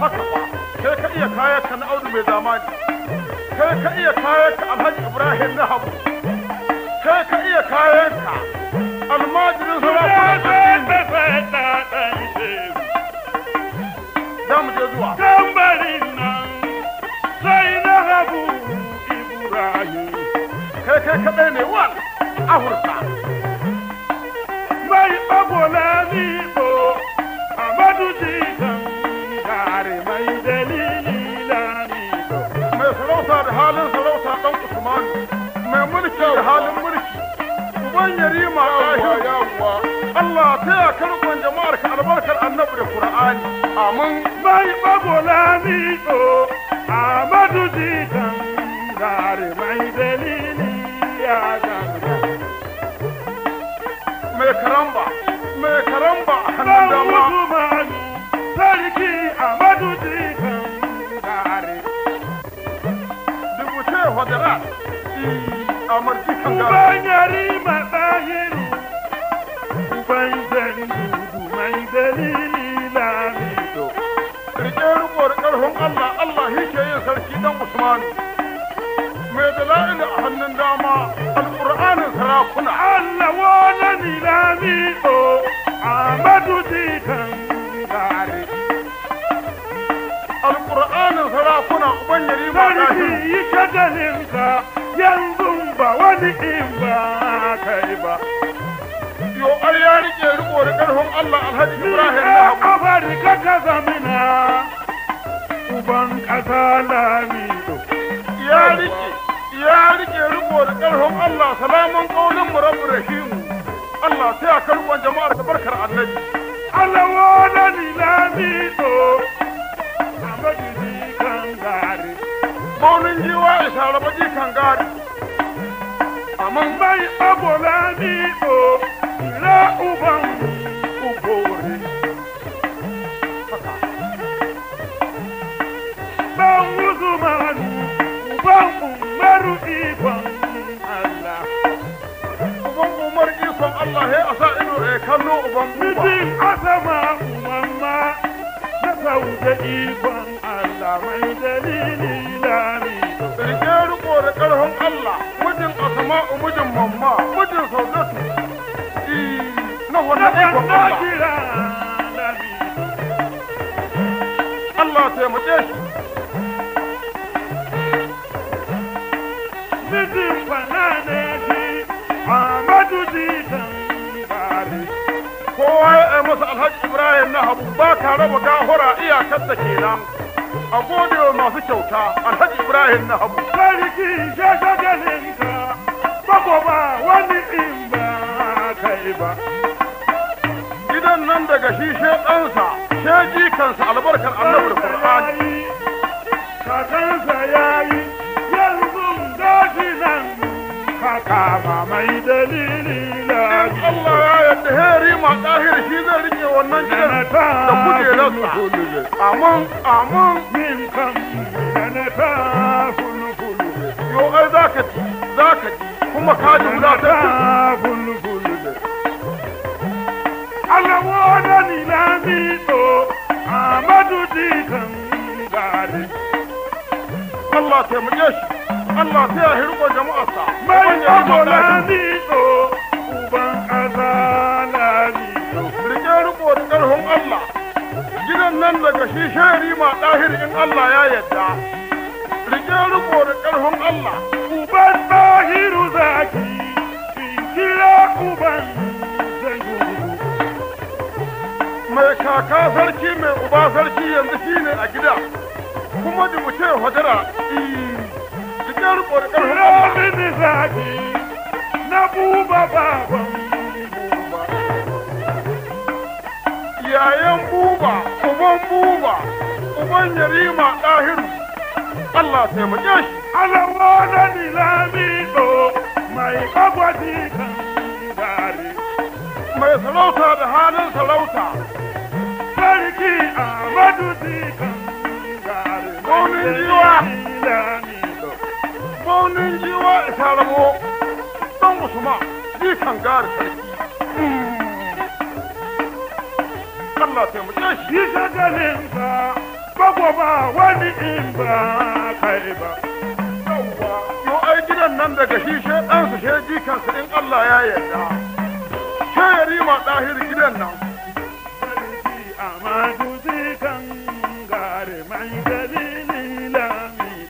haka kai ka iya kayan ka na audu mai zamani kai ka iya kayan ka alhaji ibrahim na habu kai ka iya kayan ka almajirin sarakunan addini za mu je zuwa tambarin nan sai na habu ibrahim kai kai kaɗai ne wani ahurka mai sarauta da halin sarauta ɗan usmanu mai mulki da halin mulki uban yarima ahir Allah ta ya karkon jama'ar ka albarkar annabi da Qur'ani amin bai babola ni to Amadu jikan gare mai dalili ya gare mai karamba hodara hmm. amar cikin gara banyari ma bahiru banzari dudu mai dalili lamido rike rikon karfin allah allah yake yin sarki dan usman mai dala'il a hannun dama alƙur'anin sarakuna allah wani lamido yi shagalinka yanzu ba wani in ba kai ba. Yo, ai ya rike riko da ƙarfin Allah Alhaji Ibrahim na haku. Afirka ka na. uban ƙasa lamido. Ya rike, ya rike riko da ƙarfin Allah salamun ƙaunin mu rabu rahimu. Allah sai a karɓar jama'ar da barkar annabi. Allah wa da lamido. Bonin jiwa ya shara baki kan gari. Amman bai abola ni do la uban ubore. Ban wuzu manu ban umaru ikon Allah. Uban umar ikon Allah ya asa ido ya kallo uban uba. Mijin asama umamma na sauke ikon Allah mai dalili. dami. Rike riko da ƙarfin Allah, mijin Asma'u mijin mamma, mijin Saudatu. Na wannan ikon Allah. Allah taimake shi. Mijin banane shi, Ahmadu Jitan Kowa ya masa Alhaji Ibrahim na Habu ba tare ba gahura iyakar da kenan. a gode wa masu kyauta alhaji ibrahim na habu sarki shashagalinka bako ba wani in ba kai ba gidan nan daga shi ɗansa sheji kansa albarkar annabar kur'ani kakansa ya kama mai dalili na Allah ya yadda heri ma ɗahir shi zai rike wannan gidan da kujerarsa amin amin min kan na ta fulfulu yo ai za ka ji za ka ji kuma ka ji wadatar fulfulu Allah wadani na mito Amadu dikan gari Allah taimake shi Allah sai ya hirgo jama'arsa. Mai agolani to uban azalani. Rike riko da ƙarfin Allah. Gidan nan daga shi shari ma ɗahir in Allah ya yadda. Rike riko da ƙarfin Allah. Uban ɗahiru zaki. Kira uban mai kaka sarki mai uba sarki yanzu shine a gida kuma da mutum hudura ranar ƙwarƙar ramin zaɓi na buba baban yayan buba uban buba uban yarima ɗahiru Allah taimake shi alawa na nilami ɗo mai agwadi kan gari mai sarauta da halin sarauta sarki Ahmadu Zikan gari komin jiwa raunin jiwa ta rabo don usman ni kan gara sarki Allah ta mutu shi shagalin ba bago ba wani in ba kai ba yo gidan nan daga shi she dan su she jikan in Allah ya yarda she yarima dahir gidan nan